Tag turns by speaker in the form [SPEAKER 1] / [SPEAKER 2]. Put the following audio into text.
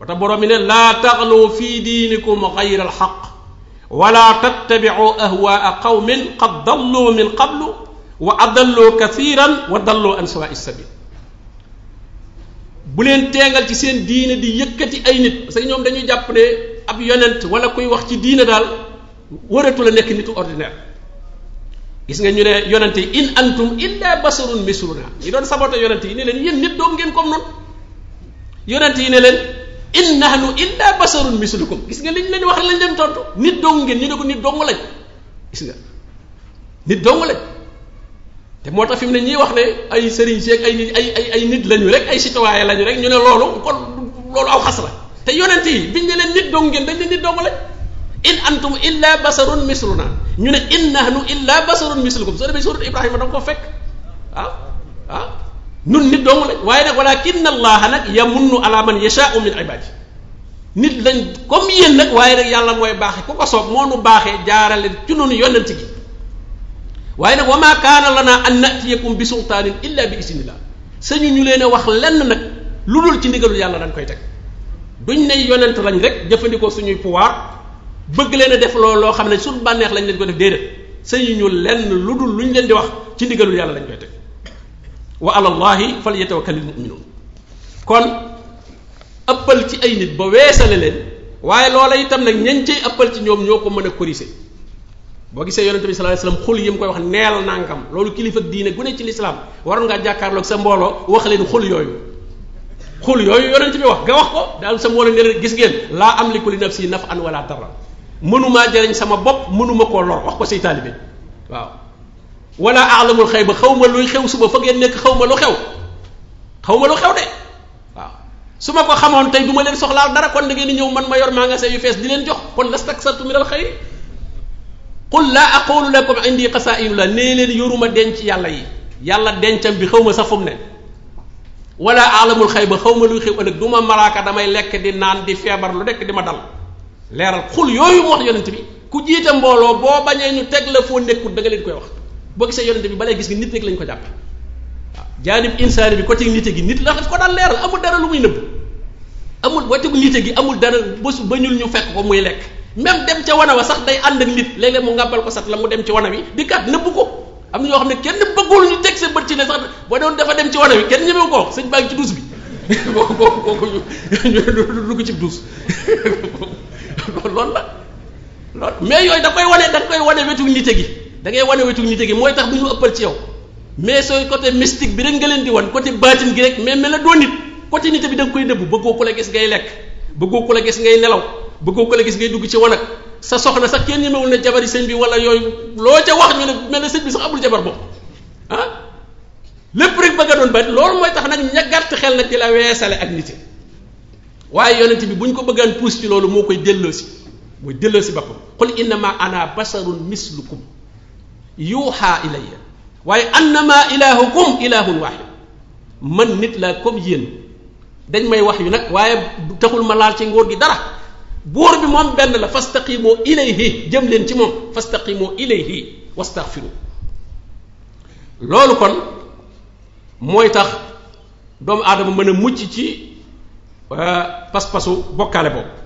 [SPEAKER 1] wata borom mi ne laa taxlu fi diinikum gayra alxaq wala tattabicu ahwaa qawmin qad dallu min qablu wa adallu kathiran wa dallu an sawa sabil bu leen teengal ci seen diine di yëkkati ay nit parce que ñoom dañuy jàpp ne ab yonent wala kuy wax ci diine daal waratu la nekk nitu ordinaire gis nga ñu ne yonente yi in antum illa basarun misluna ñi doon sabote yonente yi ne leen yéen nit doom ngeen comme noonu yonente yi ne leen in nahnu illa basarun mislukum gis nga liñ leen wax lañ leen tontu nit dong ngeen ñu ne ko nit dong lañ gis nga nit dong lañ te moo tax fi mu ne ñuy wax ne ay sëriñ si ak ay ay ay ay nit lañu rek ay rek ñu ne loolu kon loolu aw xas la te yonent yi biñ ne leen nit dong ngeen dañ ne nit dong lañ in antum illa basarun misluna ñu ne in nahnu illa basarun mislukum soo demee suurat Ibrahima da nga ko fekk nun nit doomu lañ waaye nag walakin allaha nag yamunnu ala man yashaau min ibadi nit lañ comme yéen nag waaye nag yàlla mooy baax ku ko soob moo nu baaxee jaarale ci noonu yonent gi waaye nag wa maa kaana lana an natiyakum bi sultaanin illa bi isnillah sañu ñu leen a wax lenn nag lu dul ci ndigalu yàlla dañ koy teg duñ ne yonent lañ rek jëfandikoo suñuy pouvoir bëgg leen a def loolu loo xam ne suñu bànneex lañ leen ko def déedéet sañu ñu lenn lu dul luñ leen di wax ci ndigalul yàlla lañ koy teg waa wa ala llahi falyatawakkalil mu'minun kon ëppal ci ay nit ba weesale leen waaye loola itam nag ñañ cee ëppal ci ñoom ñoo ko mën a corriger boo gisee yonente bi sallallahu alayhi wasallam xul koy wax neel nangam loolu kilifa diine gu ne ci lislaam waroon ngaa jàkkaarloog sa mbooloo wax leen xul yooyu xul yooyu yonente bi wax nga wax ko daal sa mbooloo ne gis ngeen laa amliku li nafsi naf'an wala darra mënumaa jëriñ sama bopp mënuma koo lor wax ko say taalibe waaw ولا اعلم الخيبة خوما لوي خيو سوبا فك ين نيك خوما لو خيو خوما لو خيو دي واو سوما كو خامون تاي دوما لين سوخلال دارا كون داغي نييو مان ما يور ماغا سي يو فيس دي لين جوخ كون لاستكثرت من الخير قل لا اقول لكم عندي قصائر لا ني لين يوروما دنت يالا يي يالا دنتام بي خوما سافوم نين ولا اعلم الخيب خوما لوي خيو انك دوما ملاكا داماي ليك دي نان دي فيبر لو ديك دي دال ليرال قل يوي مو وخ يونت بي كو جيتا مbolo بو باغي ني تيك لا boo gisee yonente bi balee gis nga nit rek lañ ko jàpp waaw jaanib insaani bi côté nite gi nit la daf ko daan leeral amul dara lu muy nëbb amul côté nite gi amul dara bés ba ñul ñu fekk ko muy lekk même dem ca wana wa sax day ànd ak nit léeg-léeg mu ngàbbal ko sax la mu dem ci wana wi di kat nëbb ko am na ñoo xam ne kenn bëggul ñu teg sa bët ci ne sax boo doon dafa dem ci wana wi kenn ñemewu ko sëñ baa ngi ci duus bi boo ko kooku ñu dugg ci duus loolu la loolu mais yooyu da koy wane da koy wane wetu nite gi dangay ngay wane wetu nit gi mooy tax du ñu ëppal ci yow mais sooy côté mystique bi rek nga leen di wan côté baatin gi rek mais mel na doo nit côté nit bi da koy dëbb bëggoo ko la gis ngay lekk bëggoo ko la gis ngay nelaw bëggoo ko la gis ngay dugg ci wanag sa soxna sa kenn ñemewul ne jabar yi sëñ bi wala yooyu loo ca wax ñu ne mel na sëñ bi sax amul jabar bopp ah lépp rek bëgg a doon baat loolu mooy tax nag ña gàtt xel nag ci la weesale ak nit waaye yonent bi bu ko bëggaan puus ci loolu moo koy delloo si mooy delloo si boppam qul innama ana basarun mislukum يوحى إليه وي أنما إلهكم إله واحد من نت لا كوم يين دنج ماي واخ يو نك واي تاخول ما لال سي نغور دي دارا بور بي موم بن لا فاستقيموا إليه جيم لين سي موم فاستقيموا إليه واستغفروا لولو كون موي تاخ دوم ادم مانا موتي سي باس باسو بوكالي